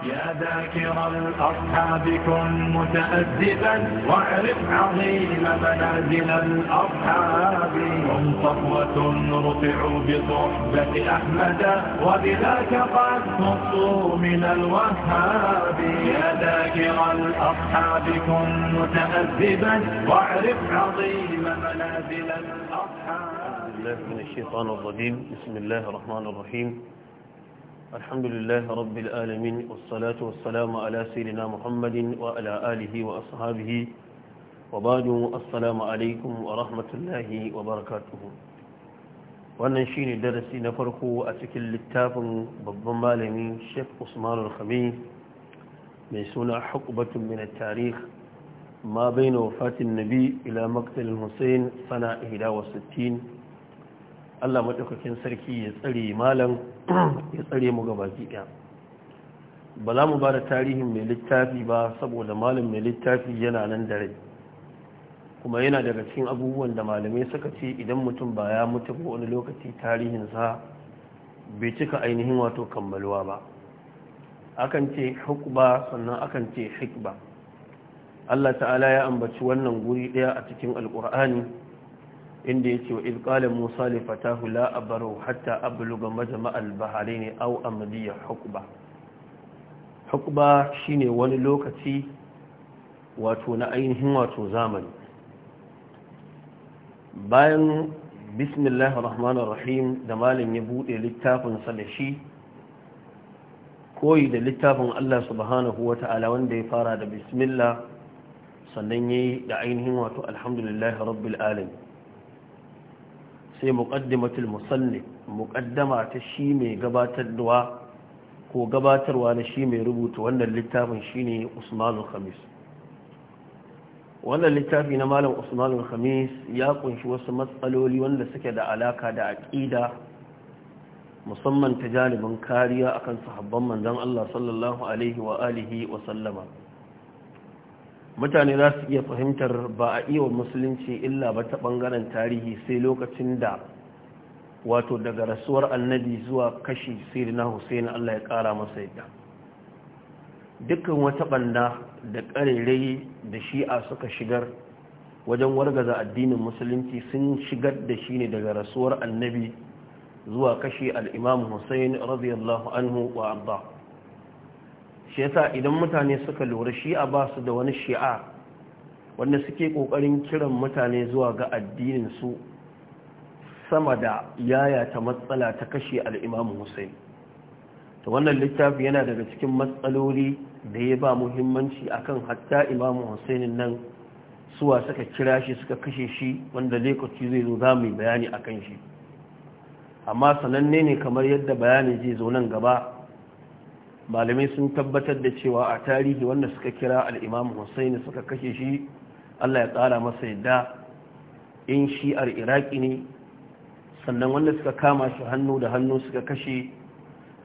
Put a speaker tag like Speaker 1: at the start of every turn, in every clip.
Speaker 1: يا ذاكر الأصحاب كن متأدبا واعرف عظيم منازل الأصحاب هم صفوة رفعوا بصحبة أحمد وبذاك قد نصوا من الوهاب يا ذاكر الأصحاب كن متأدبا واعرف عظيم منازل الأصحاب الله من الشيطان الرجيم بسم الله الرحمن الرحيم الحمد لله رب العالمين والصلاة والسلام على سيدنا محمد وعلى آله وأصحابه وبعد السلام عليكم ورحمة الله وبركاته wannan shine darasi na farko a cikin littafin babban malami Sheikh Usman Al-Khami mai suna Hukubatun min at-Tarikh ma bayna wafatin Nabi ila maqtal Hussein sana Allah madaukakin sarki ya tsare malam ya tsare mu gabaki ɗaya ba za mu ba da tarihin mai littafi ba saboda malam mai littafi yana nan da rai kuma yana daga cikin abubuwan da malamai suka ce idan mutum ba ya mutu ba wani lokaci tarihinsa bai cika ainihin wato kammaluwa ba akan ce hukba sannan akan ce hikba Allah ta'ala ya ambaci wannan guri ɗaya a cikin alƙur'ani inda ya ce wa ilkalin musa li fatahu la barau hatta abluga majma'al bahrain aw amdiya hukba hukba shine wani lokaci wato na ainihin wato zamani bayan bismillahir da malam ya bude littafin da shi koyi da littafin Allah subhanahu ta'ala wanda ya fara da bismillah sannan yayi da ainihin wato alhamdulillahi rabbil alamin sai muƙaddimatul musalli muƙaddama ta shi mai gabatarwa ko gabatarwa na shi mai rubuta wannan littafin shine Usman al-Khamis wannan littafi na malam Usman khamis ya kunshi wasu matsaloli wanda suke da alaka da aqida musamman ta kariya akan sahabban manzon Allah sallallahu alaihi wa alihi wa sallama mutane za su iya fahimtar ba a iya musulunci illa ba ta ɓangaren tarihi sai lokacin da wato daga rasuwar annabi zuwa kashi siri na husaini allah ya ƙara masa yadda dukkan wata ɓanda da ƙarerai da shi'a suka shigar wajen wargaza addinin musulunci sun shigar da shi ne daga rasuwar annabi zuwa kashi al'imam hussein radiyallahu anhu wa shi yasa idan mutane suka lura shi'a ba su da wani shi'a wanda suke kokarin kiran mutane zuwa ga addinin su sama da yaya ta matsala ta kashe al’imamu hussain Hussein wannan littafi yana daga cikin matsaloli da ya ba muhimmanci akan hatta Imam Hussein nan suwa suka kira shi suka kashe shi wanda lokaci zai zo za mu yi bayani a kan shi amma sananne ne kamar yadda bayani zai zo nan gaba malamai sun tabbatar da cewa a tarihi wanda suka kira al'imam hussein suka kashe shi allah ya tsara masa yadda in shi'ar iraki ne sannan wanda suka kama shi hannu da hannu suka kashe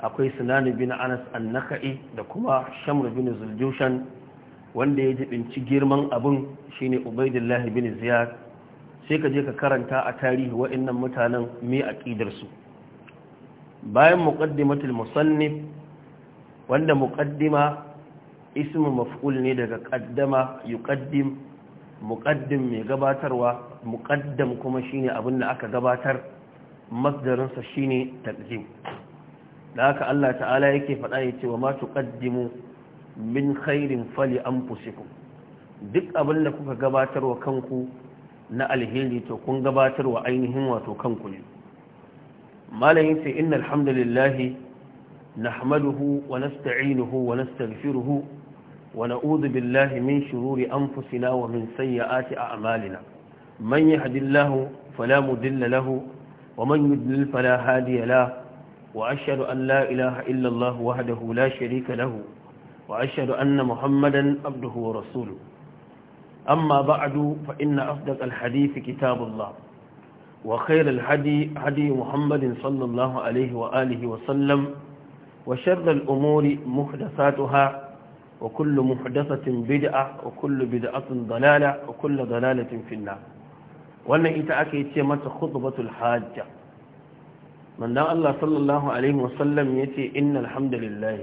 Speaker 1: akwai sinani bin anas annaka'i da kuma shamr bin zuljushan wanda ya jibinci girman abin shine ubaidillahi bin ziyar sai ka je ka karanta a tarihi wa'annan mutanen mai aƙidarsu bayan muƙaddimatul musannif wanda muqaddima ismu maf'ul ne daga qaddama yuqaddim muqaddim mai gabatarwa muqaddam kuma shine abin da aka gabatar masdarin sa shine taqdim da haka Allah ta'ala yake faɗa yace wa ma tuqaddimu min khairin fali anfusikum duk abin da kuka gabatarwa kanku na alheri to kun gabatarwa ainihin wato kanku ne malayin sai innal hamdalillahi نحمده ونستعينه ونستغفره ونعوذ بالله من شرور أنفسنا ومن سيئات أعمالنا من يهد الله فلا مدل له ومن يدلل فلا هادي له وأشهد أن لا إله إلا الله وحده لا شريك له وأشهد أن محمدا عبده ورسوله أما بعد فإن أصدق الحديث كتاب الله وخير الهدي هدي محمد صلى الله عليه وآله وسلم وشر الأمور محدثاتها وكل محدثة بدعة وكل بدعة ضلالة وكل ضلالة في النار وأن إتأكي تيمة خطبة الحاجة من دان الله صلى الله عليه وسلم يتي إن الحمد لله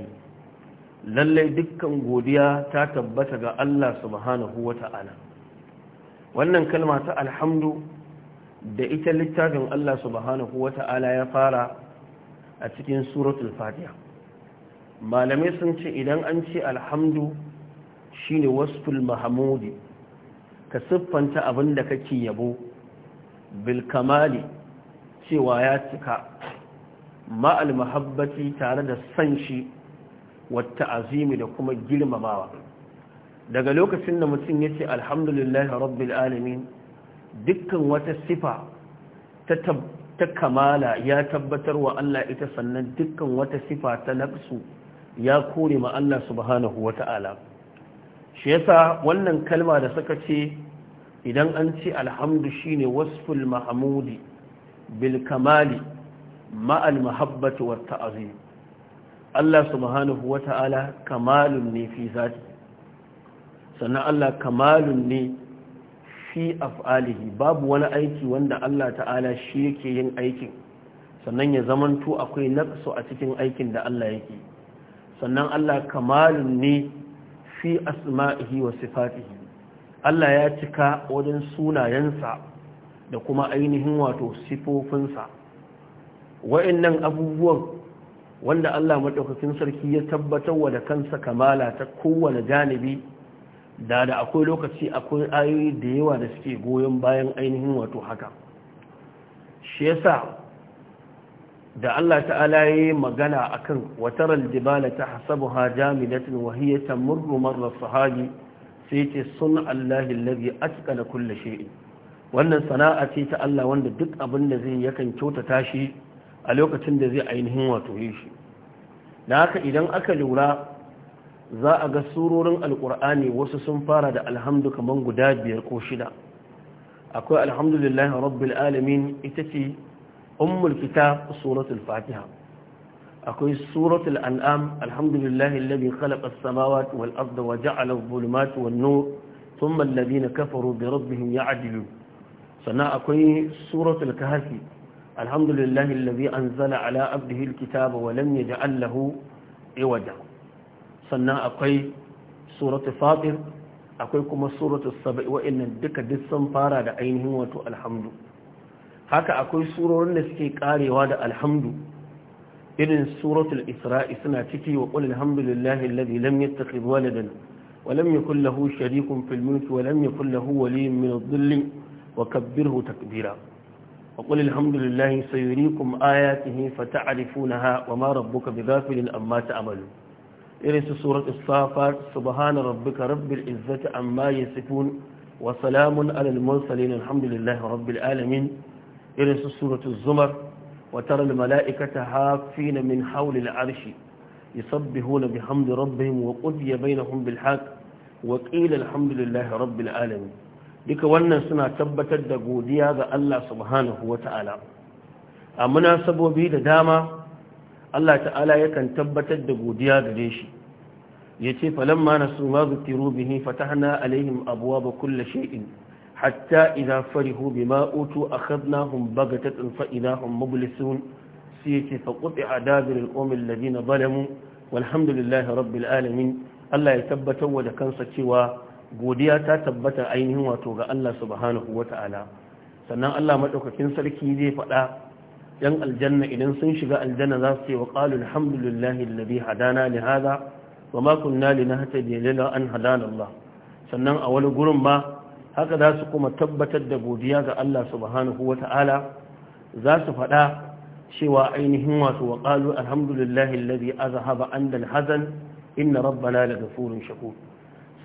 Speaker 1: lallai dukkan godiya ta tabbata ga Allah subhanahu wata'ala wannan kalma ta alhamdu da ita littafin Allah subhanahu wata'ala ya fara a cikin suratul fatiha malamai sun ce idan an ce alhamdu shine wasful mahamudi ka siffanta abin da kake yabo bil kamali cewa ya cika ma'al mahabbati tare da san shi wata azimi da kuma girmamawa daga lokacin da mutum ya ce alhamdulillahi rabbil alamin dukkan wata sifa ta kamala ya tabbatar wa Allah ita sannan dukkan wata sifa ta nafsu ya kore ma Allah subhanahu ta'ala shi yasa wannan kalma da suka ce idan an ce alhamdu shine wasful mahmudi bil kamali ma'al al mahabbati wat Allah subhanahu kamalun ne fi zati sannan Allah kamalun ne fi af'alihi babu wani aiki wanda Allah ta'ala shi yake yin aikin sannan ya zamanto akwai naqsu a cikin aikin da Allah yake yi sannan Allah kamalun ne fi asma'ihi wa sifatihi Allah ya cika wajen sunayensa da kuma ainihin wato sifofinsa wa'annan abubuwan wanda Allah madaukakin sarki ya tabbatar wa da kansa kamala ta kowane janibi da da akwai lokaci akwai ayoyi da yawa da suke goyon bayan ainihin wato haka shi yasa da Allah ta'ala yi magana akan wataral jibala tahsabuha jamidatan wa hiya tamurru marra sahabi sai ce sun Allah allazi na kulle shi. wannan sana'a ce ta Allah wanda duk abin da zai yakan kyautata shi a lokacin da zai ainihin wato yi shi da haka idan aka lura za a ga surorin alkur'ani wasu sun fara da alhamdu kaman guda biyar ko shida akwai alhamdulillahi rabbil alamin ita ce ummul kitab suratul fatiha akwai suratul an'am alhamdulillahi alladhi khalaqa as-samawati wal arda wa ja'ala adh-dhulumati wan nur thumma alladhina kafaru bi rabbihim ya'dilun sannan akwai suratul kahfi alhamdulillahi alladhi anzala ala abdihi al-kitaba wa lam yaj'al lahu iwaja sannan akwai suratul fatir akwai kuma suratul saba'i wa'annan duka duk samfara da ainihin wato alhamdu haka akwai surorin da suke karewa da alhamdu irin suratul isra'i suna ciki wa qul alhamdulillahi alladhi lam yattakhidh waladan wa lam yakul lahu sharikun fil mulki wa lam yakul lahu waliyyun min adh-dhilli wa kabbirhu takbira wa qul alhamdulillahi sayuriikum ayatihi fata'rifunaha wa ma rabbuka bighafilin amma ta'malun irin su suratul safat subhana rabbika rabbil izzati amma yasifun wa salamun alal mursalin alhamdulillahi rabbil alamin irin su suratul zumar wa taral mala'ikata hafina min hawli al'arshi yusabbihuna bihamdi rabbihim wa qudiya bainahum bil haqq wa qila alhamdulillahi rabbil alamin duka wannan suna tabbatar da godiya ga Allah subhanahu ta'ala a munasabobi da dama Allah ta'ala yakan tabbatar da godiya gare shi yace falamma nasu ma zukiru bihi fatahna alaihim abwaaba kulli shay'in hatta idza farihu bima utu akhadnahum bagatatan fa idahum mublisun sai yace fa quti'a dabir al-qawm alladhina zalamu walhamdulillahi rabbil alamin Allah ya tabbatar wa da kansa cewa godiya ta tabbatar ainihin wato ga Allah subhanahu wata'ala sannan Allah madaukakin sarki zai faɗa yan aljanna idan sun shiga aljanna za su ce wa qalu alhamdulillahi alladhi hadana li hadha wa ma kunna linahtadiya lila an hadana Allah sannan a wani gurin ba. haka za su kuma tabbatar da godiya ga Allah subhanahu wa ta'ala za su faɗa cewa ainihin wasu wakalu alhamdulilahi alhamdulillahi lalazi a zahaba an hazan inna rabbana daga gafurin shakur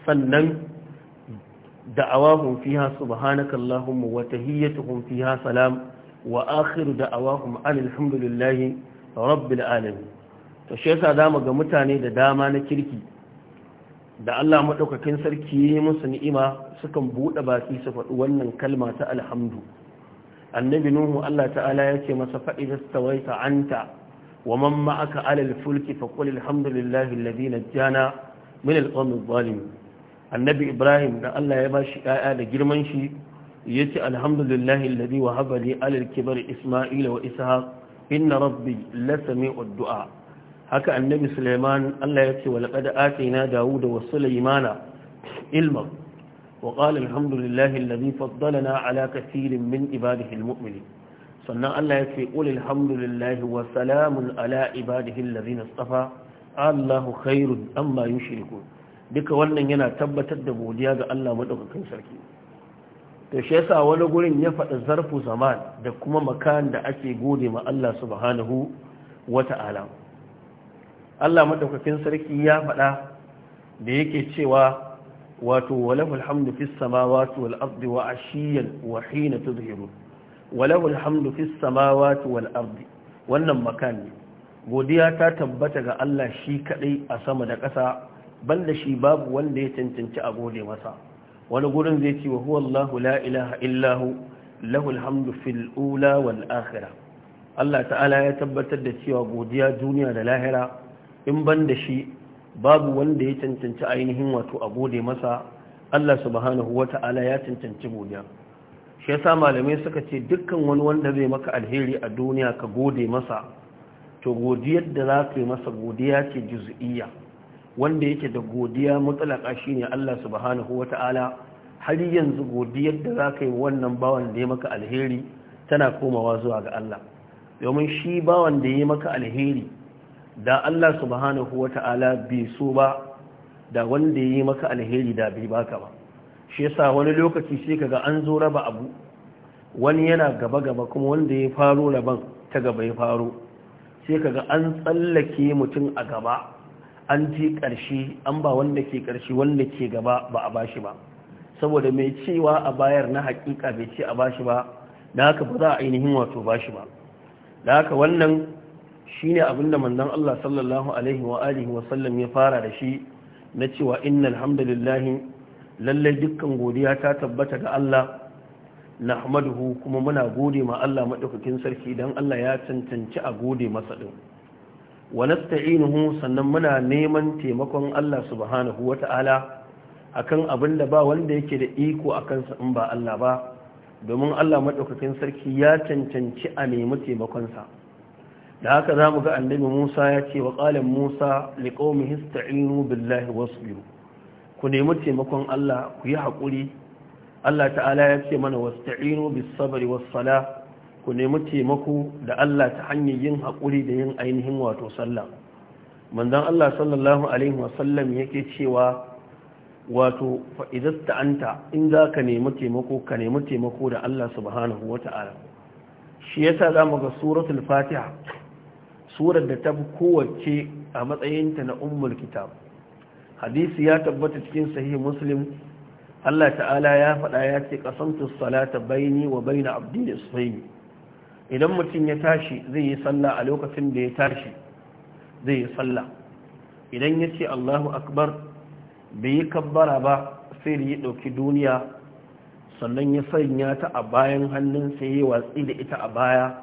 Speaker 1: sannan da'awahun fiha subhanaka Allahumma wa tahiyyatuhum fiha salam wa akhiru da'awahum alhamdulillahi rabbil alamin to shi yasa zamu ga mutane da dama na kirki da Allah maɗaukakin sarki ya yi musu ni'ima sukan buɗe baki su faɗi wannan kalma ta alhamdu annabi nuhu Allah ta'ala ya ce masa fa'ida stawaita anta wa man ma'aka alal fulki fa qul alhamdulillahi alladhi najjana min alqawmi adh-dhalimin annabi ibrahim da Allah ya bashi ƴaƴa da girman shi yace alhamdulillahi alladhi wahaba li alal kibri isma'ila wa ishaq inna rabbi lasami'ud du'a haka annabi Suleiman Allah ya ce wa laqad atina Dawuda wa Sulaimana ilma wa qala alhamdulillahi alladhi faddalana ala kathirin min ibadihi almu'minin sannan Allah ya ce qul alhamdulillahi wa salamun ala ibadihi alladhina istafa Allahu khairun amma yushrikun duka wannan yana tabbatar da godiya ga Allah madaukakin sarki to shi yasa wani gurin ya faɗa zarfu zaman da kuma makan da ake gode ma Allah subhanahu wa ta'ala Allah madaukakin sarki ya faɗa da yake cewa wato walahul hamdu fis samawati wal ardi wa ashiyan wa hina tuzhirun walahul hamdu fis samawati wal ardi wannan makani godiya ta tabbata ga Allah shi kadai a sama da ƙasa banda shi babu wanda ya cancanci a gode masa wani gurin zai ce wa huwa Allahu la ilaha illahu lahul hamdu fil ula wal akhirah Allah ta'ala ya tabbatar da cewa godiya duniya da lahira in ban da shi babu wanda ya cancanci ainihin wato a gode masa Allah subhanahu ta'ala ya cancanci godiya shi yasa malamai suka ce dukkan wani wanda zai maka alheri a duniya ka gode masa to godiyar da za ka yi masa godiya ce juz'iyya wanda yake da godiya mutlaka shine Allah subhanahu ta'ala har yanzu godiyar da za ka yi wannan bawan da ya maka alheri tana komawa zuwa ga Allah domin shi bawan da ya maka alheri da Allah subhanahu wa ta'ala bai so ba da wanda yi maka alheri da ba baka ba shi yasa wani lokaci sai kaga an zo raba abu wani yana gaba gaba kuma wanda ya faro raban ta gaba ya faro sai kaga an tsallake mutum a gaba an ji ƙarshe an ba wanda ke ƙarshe wanda ke gaba ba a bashi ba saboda mai cewa a bayar na hakika bai ce a bashi ba da haka ba za a ainihin wato bashi ba da haka wannan shine abinda mandan Allah sallallahu alaihi wa alihi wa sallam ya fara da shi na cewa inna (alhamdulillahi) lallai dukkan godiya ta tabbata ga Allah na hamadu kuma muna gode ma Allah maɗaukakin sarki don Allah ya cancanci a gode masa ɗin. wa inuhu sannan muna neman taimakon Allah subhanahu a kan abin da ba wanda yake da iko a kansa in ba Allah ba domin Allah maɗaukakin sarki ya cancanci a nemi taimakonsa da haka za mu ga annabi musa ya ce wa ƙalin musa liƙomi hista'inu billahi wasu biyu ku nemi taimakon allah ku yi haƙuri allah ta'ala ya ce mana wasta'inu bis sabari wassala ku nemi taimako da allah ta hanyar yin haƙuri da yin ainihin wato sallah manzon allah sallallahu alaihi wasallam yake cewa wato fa'izasta anta in za ka nemi taimako ka nemi taimako da allah subhanahu wata'ala shi yasa za mu ga suratul fatiha surar da ta fi kowace a matsayinta na umar kitab hadisi ya tabbata cikin sahih muslim Allah ta'ala ya faɗa ya ce ƙasantar salata baini wa baina abdi isfaini idan mutum ya tashi zai yi sallah a lokacin da ya tashi zai yi sallah idan ya ce Allahu akbar bai yi kabbara ba sai da ya ɗauki duniya sannan ya sanya ta a bayan hannun sai ya watsi da ita a baya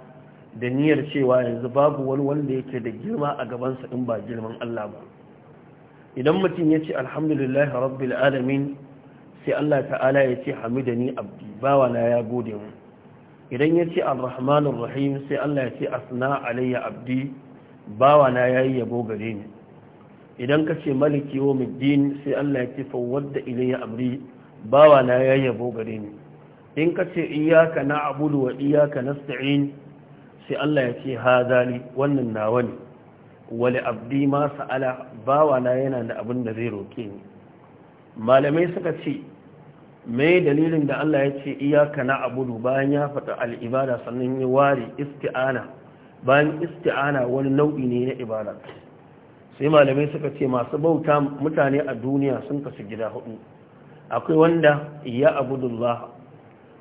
Speaker 1: da niyyar cewa yanzu babu wani wanda yake da girma a gabansa in ba girman Allah ba idan mutum ya ce alhamdulillahi rabbil alamin sai Allah ta'ala ya ce ni abdi bawana ya gode mu idan ya ce arrahmanur rahim sai Allah ya ce asna alayya abdi bawana yayi yabo gare ni idan ka ce maliki wa muddin sai Allah ya ce fawadda ilayya amri bawana yayi yabo gare ni in ka ce iyyaka na'budu wa iyyaka nasta'in sai Allah ya ce ha zali wannan nawa ne wali abdi ma sa'ala bawana yana da abin da zai roke ni malamai suka ce mai dalilin da Allah ya ce iyaka na abudu bayan ya faɗa al'ibada sannan ya ware isti'ana bayan isti'ana wani nau'i ne na ibada sai malamai suka ce masu bauta mutane a duniya sun kasu gida hudu akwai wanda ya abudullah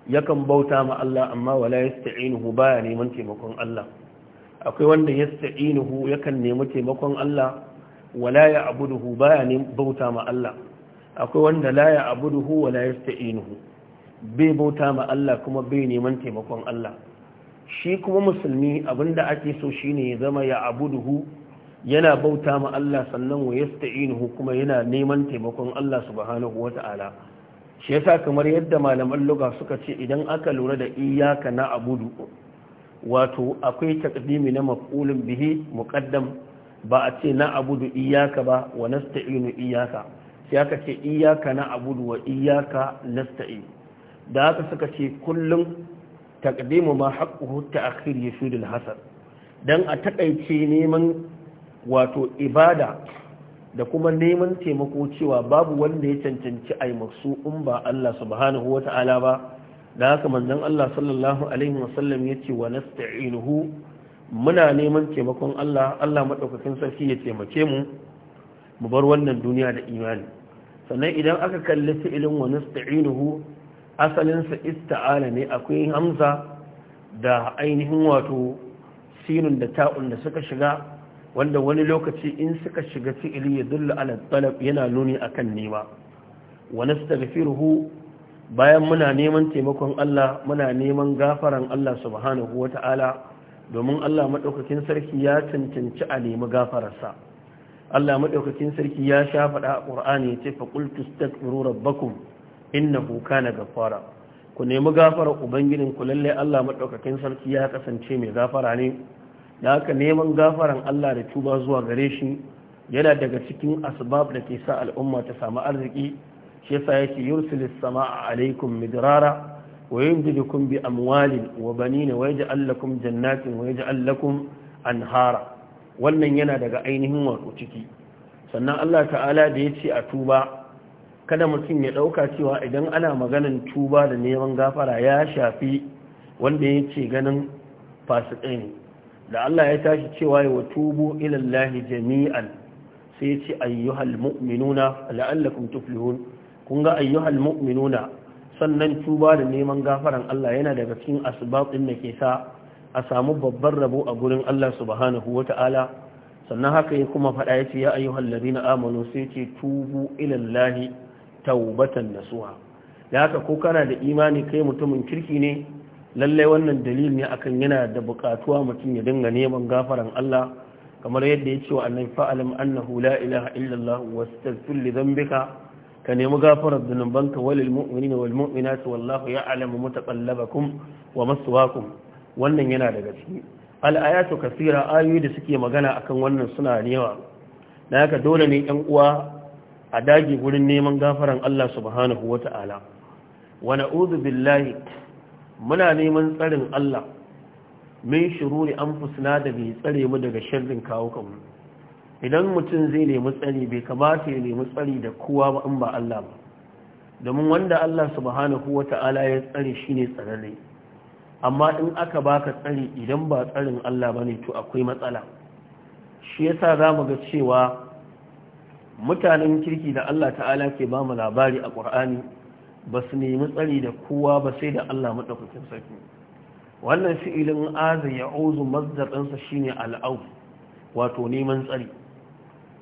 Speaker 1: yakan bauta ma Allah amma wala yasta'inuhu baya neman taimakon Allah akwai wanda yasta'inuhu yakan nemi taimakon Allah wala ya'buduhu baya neman bauta ma Allah akwai wanda la ya'buduhu wala yasta'inuhu bai bauta ma Allah kuma bai neman taimakon Allah shi kuma musulmi abinda ake so shine ya zama ya abuduhu yana bauta ma Allah sannan wa yasta'inuhu kuma yana neman taimakon Allah subhanahu wata'ala shi yasa kamar yadda malaman luga suka ce idan aka lura da iyaka na abudu wato akwai takdimi na maf'ulun bihi muqaddam ba a ce na abudu iyaka ba wa nasta'inu iyaka sai aka ce iyaka na abudu wa iyaka nasta'in da haka suka ce kullum takdimu ma haqquhu ta'khir yufidul hasad dan a takaice neman wato ibada da kuma neman taimako cewa babu wanda ya cancanci a yi in ba Allah subhanahu wa ta'ala ba da haka manzon Allah sallallahu alaihi wasallam ya ce wa nasta'inuhu muna neman taimakon Allah Allah madaukakin sarki ya taimake mu mu bar wannan duniya da imani sannan idan aka kalli fi'ilin wa nasta'inuhu asalin ista'ala ne akwai hamza da ainihin wato sinun da ta'un da suka shiga wanda wani lokaci in suka shiga fi'ili ya dulla ala talab yana nuni akan nema wa nastaghfiruhu bayan muna neman taimakon Allah muna neman gafaran Allah subhanahu wata'ala domin Allah madaukakin sarki ya cancanci a nemi gafararsa Allah madaukakin sarki ya sha faɗa a Qur'ani ya ce fa qul tastaghfiru rabbakum innahu kana ghaffara ku nemi gafarar ku lalle Allah madaukakin sarki ya kasance mai gafara ne da haka neman gafaran Allah da tuba zuwa gare shi yana daga cikin asbab da ke sa al'umma ta samu arziki shi yasa yake yursilis sama'a alaikum midrara wa yumdidukum bi amwalin wa banina wa yaj'al lakum jannatin wa yaj'al lakum anhara wannan yana daga ainihin wato ciki sannan Allah ta'ala da yace a tuba kada mutum ya dauka cewa idan ana maganan tuba da neman gafara ya shafi wanda yace ganin fasikai ne da Allah ya tashi cewa ya tubu ilallahi jami'an sai ce ayyuhal mu'minuna la'allakum tuflihun kun ga ayyuhal mu'minuna sannan tuba da neman gafaran Allah yana daga cikin asbabin da ke sa a samu babban rabo a gurin Allah subhanahu wata'ala sannan haka ya kuma faɗa ya ce ya ayyuhal ladina amanu sai ce tubu ilallahi taubatan nasuha da haka ko kana da imani kai mutumin kirki ne lallai wannan dalil ne akan yana da buƙatuwa mutum ya dinga neman gafaran Allah kamar yadda ya ce wa annabi fa'alam annahu la ilaha illallah wastaghfir li dhanbika ka nemi gafarar dhunubanka walil mu'minina wal mu'minati wallahu ya'lamu mutaqallabakum wa maswaakum wannan yana daga ciki al ayatu kaseera ayoyi da suke magana akan wannan suna da yawa dan haka dole ne 'yan uwa a dage gurin neman gafaran Allah subhanahu wata'ala wa na'udhu billahi muna neman tsarin Allah min shiruri an fusna da bai tsare mu daga sharrin kawo kanmu idan mutum zai nemi tsari bai kamata ya nemi tsari da kowa ba in ba Allah ba domin wanda Allah subhanahu ta'ala ya tsare ne tsararre amma in aka baka tsari idan ba tsarin Allah ba ne, to akwai matsala shi ya sa za mu ga cewa mutanen kirki da Allah ta'ala ke ba mu labari a ƙur'ani. ba su nemi tsari da kowa ba sai da Allah maɗaukakin sarki wannan fi'ilin aza ya ozu mazdaɗansa shi ne al'au wato neman tsari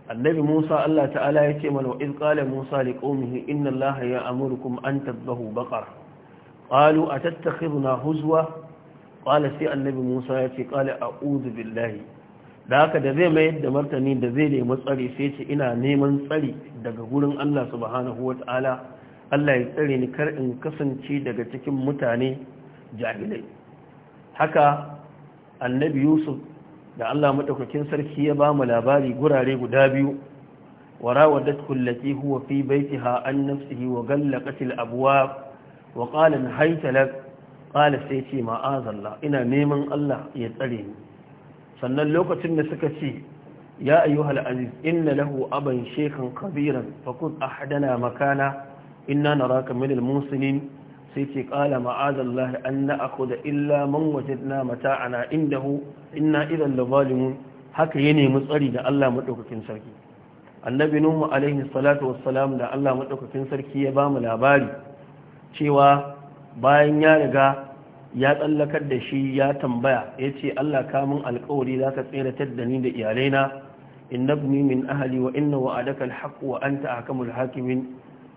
Speaker 1: annabi musa Allah ta'ala ya ce mana wa'iz ƙala musa li ƙomihi inna Allah ya amurkum an tabbahu baƙar ƙalu a tattakiru na huzwa ƙala sai annabi musa ya ce ƙala a uzu billahi da haka da zai mayar da martani da zai nemi tsari sai ce ina neman tsari daga gurin Allah subhanahu wa ta'ala Allah ya tsare ni kar in kasance daga cikin mutane jahilai haka annabi yusuf da Allah madaukakin sarki ya ba mu labari gurare guda biyu an التي wa في بيتها عن نفسه وغلقت الأبواب وقال نهيت لك قال سيتي ina neman Allah ya tsare ni. sannan lokacin da suka ce ya ayyuhal aziz inna lahu aban shaykhan kabiran fakun ahdana makana inna naraka kamilal al-muslimin sai ce qala ma'azallah an da illa man wajadna mata'ana indahu inna idhan lavalimun haka ya nemi tsari da Allah madaukakin sarki annabi nuhu alaihi salatu wassalam da Allah madaukakin sarki ya ba mu labari cewa bayan ya riga ya tsallakar da shi ya tambaya ya ce Allah kamun alkawari za ka tseratar da ni da iyalaina innabni min ahali wa inna wa'adaka alhaq wa anta akamul hakimin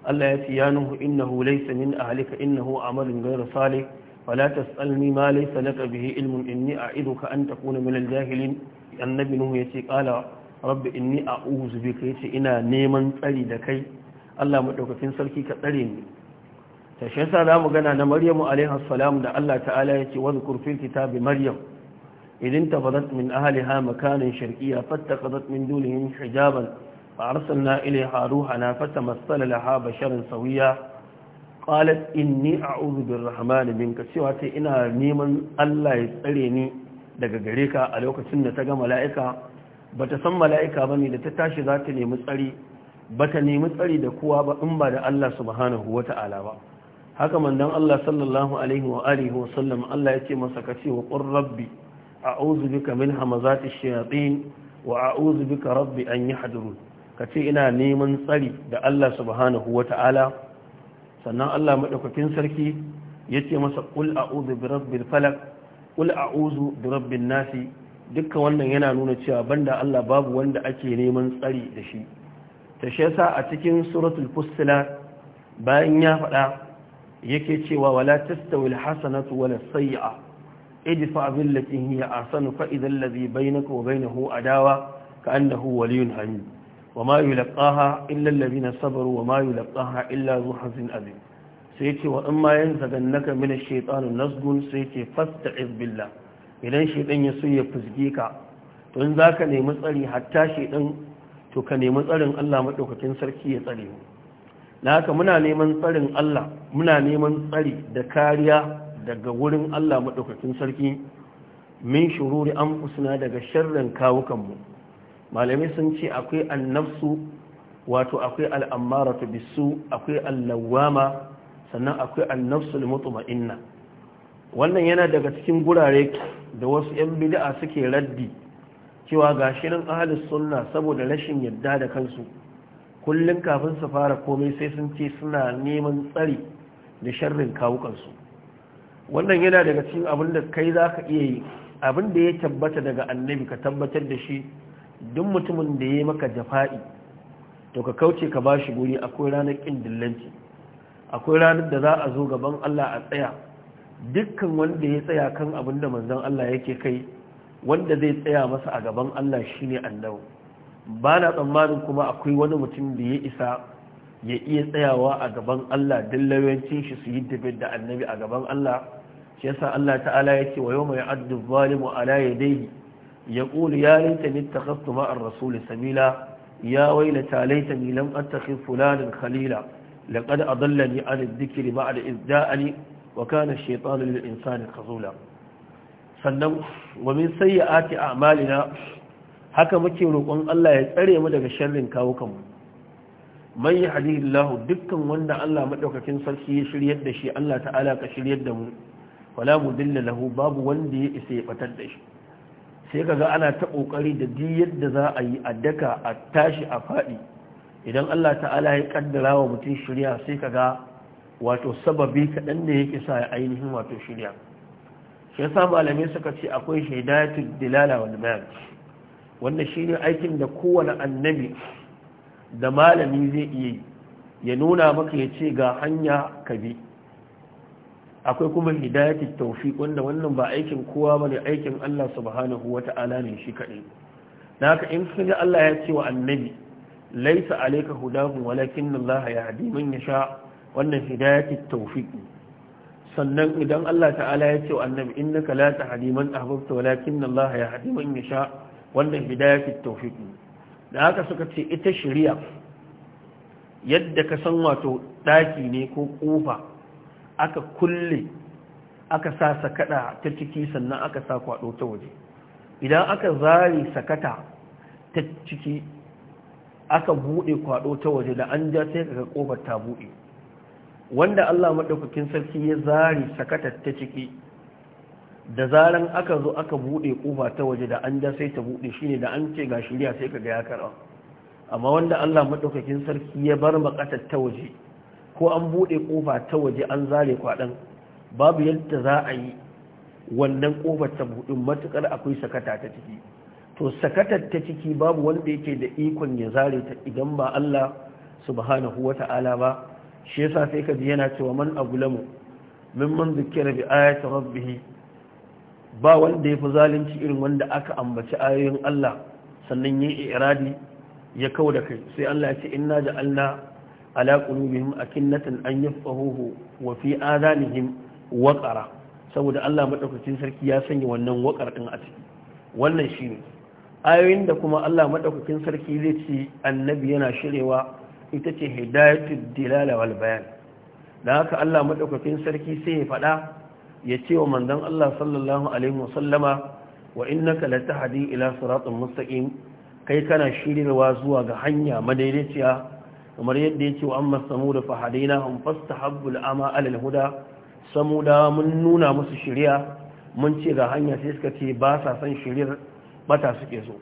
Speaker 1: Allah ya ce ya nuhu innahu laysa min ahlika innahu amalun ghayra salih wala tasalni ma laysa laka bihi ilmun inni a'iduka an takuna min al-jahilin annabi nuhu yace qala rabbi inni a'udhu bika yace ina neman tsari da kai Allah madaukakin sarki ka tsare ni ta shi yasa zamu gana na Maryamu alaiha salam da Allah ta'ala yace wa zkur fil kitabi maryam idin tabadat min ahliha makanan sharqiyya fattaqadat min dunihim hijaban فأرسلنا إليها روحنا فتمثل لها بشرا سويا قالت إني أعوذ بالرحمن منك سواتي إنا نيمن الله يسأليني daga gare ka a lokacin da ta ga mala'ika ba ta san mala'ika ba ne da ta tashi za ta nemi tsari ba ta nemi tsari da kowa ba in ba da Allah subhanahu wa ta'ala ba haka mandan Allah sallallahu alaihi wa alihi wa sallam Allah ya ce masa kace ce wa qur rabbi a'udhu bika min hamazati shayatin wa a bika rabbi an yi yahdurun ka ce ina neman tsari da Allah subhanahu wa ta'ala sannan Allah maɗaukakin sarki ya ce masa ƙul a'uzu bi rabbil falak ƙul a'uzu bi rabbin nasi dukka wannan yana nuna cewa banda Allah babu wanda ake neman tsari da shi ta shi yasa a cikin suratul fussila bayan ya faɗa yake cewa wala tastawi alhasanatu wala sayyi'a ادفع بالتي هي احسن فاذا الذي بينك وبينه عداوه كانه ولي حميم wa ma yulqaha illa alladhina sabaru wa ma yulqaha illa ruhun azim sai yake wa in ma yansa gannaka min nasgun sai yake fasta'iz billah idan shaytan ya suye fuzge ka to in zaka nemi tsari hatta shaytan to ka nemi tsarin Allah madaukakin sarki ya tsare mu na haka muna neman tsarin Allah muna neman tsari da kariya daga wurin Allah madaukakin sarki min shiruri an kusuna daga sharran kawukan mu malamai sun ce akwai annafsu wato akwai ta bisu akwai allawama sannan akwai annafsul inna. wannan yana daga cikin gurare da wasu ‘yan bida'a suke raddi cewa ga shirin ahalis sunna saboda rashin yadda da kansu kullum kafin su fara komai sai sun ce suna neman tsari da sharrin kawukansu wannan yana daga cikin abin da kai za ka iya yi abin da ya tabbata daga annabi ka tabbatar da shi duk mutumin da ya maka jafa'i to ka kauce ka ba shi guri akwai ranar ƙin dillanci akwai ranar da za a zo gaban Allah a tsaya dukkan wanda ya tsaya kan abin da manzon Allah yake kai wanda zai tsaya masa a gaban Allah shine annabu. ba na tsammanin kuma akwai wani mutum da ya isa ya iya tsayawa a gaban Allah dillawancin shi su yi dabe da annabi a gaban Allah shi yasa Allah ta'ala yake wayo mai addu zalimu ala yadayhi ya ƙuli ya yi ta mita kastu samila ya waila ta laita ni lam an tafi fulanin khalila laqad adallani an dhikri ba'd izda'ani wa kana ash-shaytanu lil insani khazula sannan sai ya sayyi'ati a'malina haka muke roƙon Allah ya tsare mu daga sharrin kawo kanmu man yahdihillahu dukkan wanda Allah madaukakin sarki ya shirye da shi Allah ta'ala ka shiryar da mu wala dilla lahu babu wanda ya isa ya fatar da shi sai kaga ana ta kokari da duk yadda za a yi a daka a tashi a faɗi idan Allah ta'ala ya ƙaddara wa mutum shirya sai kaga wato sababi kaɗan ne yake sa ya ainihin wato shirya shi yasa malamai suka ce akwai shaidatu dilala wal bayan wannan ne aikin da kowane annabi da malami zai iya yi ya nuna maka ya ce ga hanya ka bi akwai kuma hidayati tawfiq wanda wannan ba aikin kowa bane aikin Allah subhanahu wata'ala ne shi kadai naka in kaga Allah ya ce wa annabi laysa alayka hudahum walakin Allah yahdi man yasha wannan hidayati tawfiq sannan idan Allah ta'ala ya ce wa annabi innaka la tahdi man ahbabta walakin Allah yahdi man yasha wannan hidayati tawfiq da haka suka ce ita shari'a yadda ka san wato daki ne ko kofa aka kulle aka sa sakata ta ciki sannan aka sa kwado ta waje idan aka zari sakata ta ciki aka bude kwado ta waje da an ja sai kaga kofar ta bude wanda Allah madaukakin sarki ya zari sakata ta ciki da zaran aka zo aka bude kofa ta waje da an ja sai ta bude shine da an ce ga shirya sai kaga ya karawa amma wanda Allah madaukakin sarki ya bar makatar ta waje ko an buɗe ƙofa ta waje an zare kwaɗan babu yadda za a yi wannan ƙofar ta buɗe matuƙar akwai sakata ta ciki to sakatar ta ciki babu wanda yake da ikon ya zare ta idan ba Allah subhanahu wa ta'ala ba shi yasa sai ka ji yana cewa man min mimman zikira bi ayati rabbih ba wanda yafi zalunci irin wanda aka ambaci ayoyin Allah sannan yin iradi ya kawo da kai sai Allah ya ce inna ja'alna ala qulubihim akinnatan an yafqahuhu wa fi adanihim waƙara saboda Allah madaukakin sarki ya sanya wannan waƙar ɗin a ciki wannan ne. ayoyin da kuma Allah maɗaukacin sarki zai ce annabi yana shirewa ita ce hidayatud dilala wal bayan Da haka Allah maɗaukacin sarki sai ya faɗa? ya ce wa manzon Allah sallallahu alaihi sallama, wa innaka latahdi ila siratin mustaqim kai kana shirewa zuwa ga hanya madaidaiciya kamar yadda yake wa amma samuda fa fasta habbul ama alal huda samuda mun nuna musu shirya mun ce ga hanya sai suka ce ba sa san shari'ar bata suke so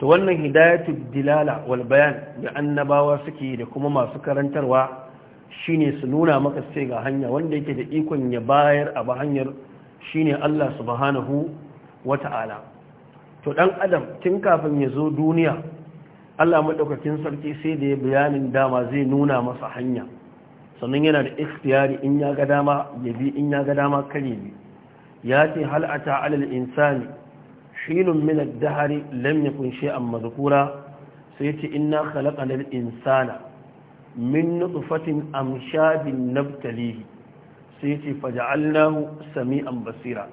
Speaker 1: to wannan hidayatu dilala wal bayan da annabawa suke da kuma masu karantarwa shine su nuna maka sai ga hanya wanda yake da ikon ya bayar a ba hanyar shine Allah subhanahu wata'ala to dan adam tun kafin ya zo duniya Allah maɗaukakin sarki sai da ya bayanin dama zai nuna masa hanya sannan yana da ikhtiyari in ya ga dama ya bi in ya ga dama kare bi ya ce hal ata alal insani shilun min ad-dahr lam yakun shay'an madhkura sai ce inna khalaqnal insana min nutfatin amshabin nabtalihi sai ce faj'alnahu sami'an basira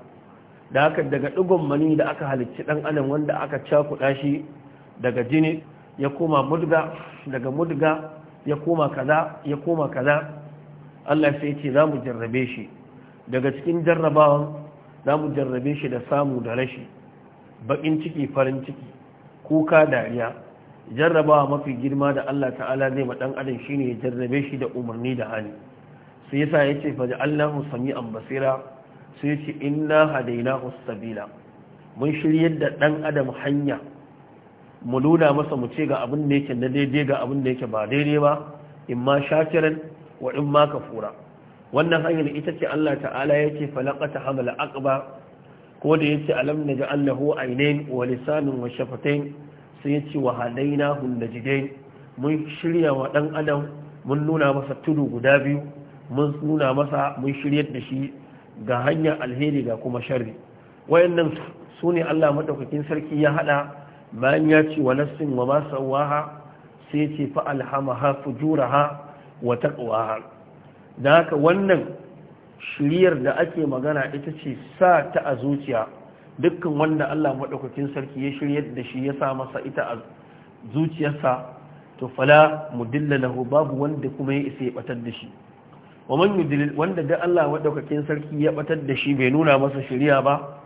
Speaker 1: da haka daga digon mani da aka halicci dan adam wanda aka cakuɗa shi daga jini ya koma mudga daga mudga ya koma kaza ya koma kaza Allah sai ce za mu jarrabe shi daga cikin jarrabawan za mu jarrabe shi da samu da rashi Baƙin ciki farin ciki kuka dariya jarrabawa mafi girma da Allah ta'ala zai ma ɗan adam shine ya jarrabe shi da umarni da hali Su yasa ya ce fa ja'alnahu sami'an basira sai yace inna hadaynahu sabila mun shiryar da ɗan adam hanya mu nuna masa mu ce ga abin da yake na daidai ga abin da yake ba daidai ba in ma shakiran wa in ma kafura wannan hanyar ita ce Allah ta'ala yake ce falaqata hamala aqba ko da yace alam naj'al annahu ainain wa lisanun wa shafatain sai yace wa hun najidain mun shirya wa dan adam mun nuna masa tudu guda biyu mun nuna masa mun shiryar da shi ga hanyar alheri ga kuma sharri wayannan sune Allah madaukakin sarki ya hada bayan ya ce wa nafsin wa ma sawaha sai ce fa alhamaha fujuraha wa taqwaha dan haka wannan shiriyar da ake magana ita ce sa ta a zuciya dukkan wanda Allah madaukakin sarki ya shiryar da shi ya sa masa ita a zuciyarsa to fala mudilla lahu babu wanda kuma ya isa ya batar da shi wa wanda da Allah madaukakin sarki ya batar da shi bai nuna masa shiriya ba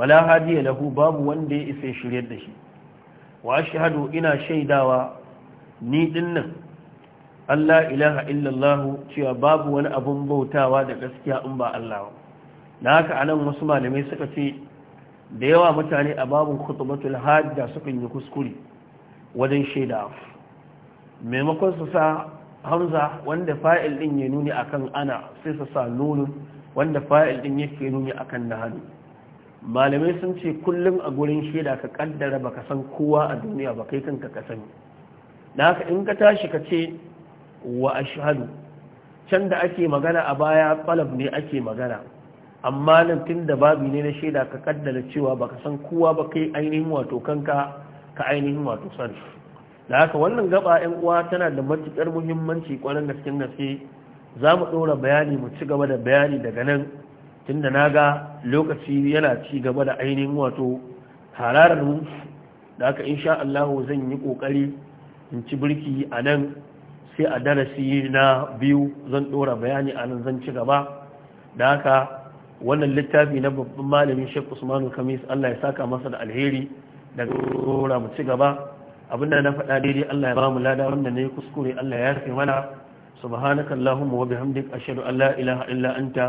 Speaker 1: fala hadiya lahu babu wanda ya isa ya shiryar da shi wa shahadu ina shaidawa ni dinnan Allah ilaha illallah cewa babu wani abun bautawa da gaskiya in ba Allah ba na haka anan wasu malamai suka ce da yawa mutane a babun khutbatul hajja suka yi kuskure wajen shaidawa maimakon su sa hamza wanda fa'il din ya nuni akan ana sai su sa nunun wanda fa'il din yake nuni akan nahanu malamai sun ce kullum a gurin shaida ka kaddara baka san kowa a duniya ba kai kanka ka sani da haka in ka tashi ka ce wa ashhadu can da ake magana a baya falaf ne ake magana amma nan tun da babu ne na shaida ka kaddara cewa baka san kowa ba kai ainihin wato kanka ka ainihin wato sani da haka wannan gaba yan uwa tana da matukar muhimmanci kwarin gaskiyar gaske za mu ɗora bayani mu ci gaba da bayani daga nan tun da na ga lokaci yana ci gaba da ainihin wato hararar mu da aka insha Allah zan yi kokari in ci birki a nan sai a darasi na biyu zan dora bayani a nan zan ci gaba da haka wannan littafi na babban malamin Sheikh Usman Kamis Allah ya saka masa da alheri daga dora mu ci gaba abinda na faɗa daidai Allah ya ba mu lada wanda ne kuskure Allah ya rufe mana subhanakallahumma wa bihamdika ashhadu an la ilaha illa anta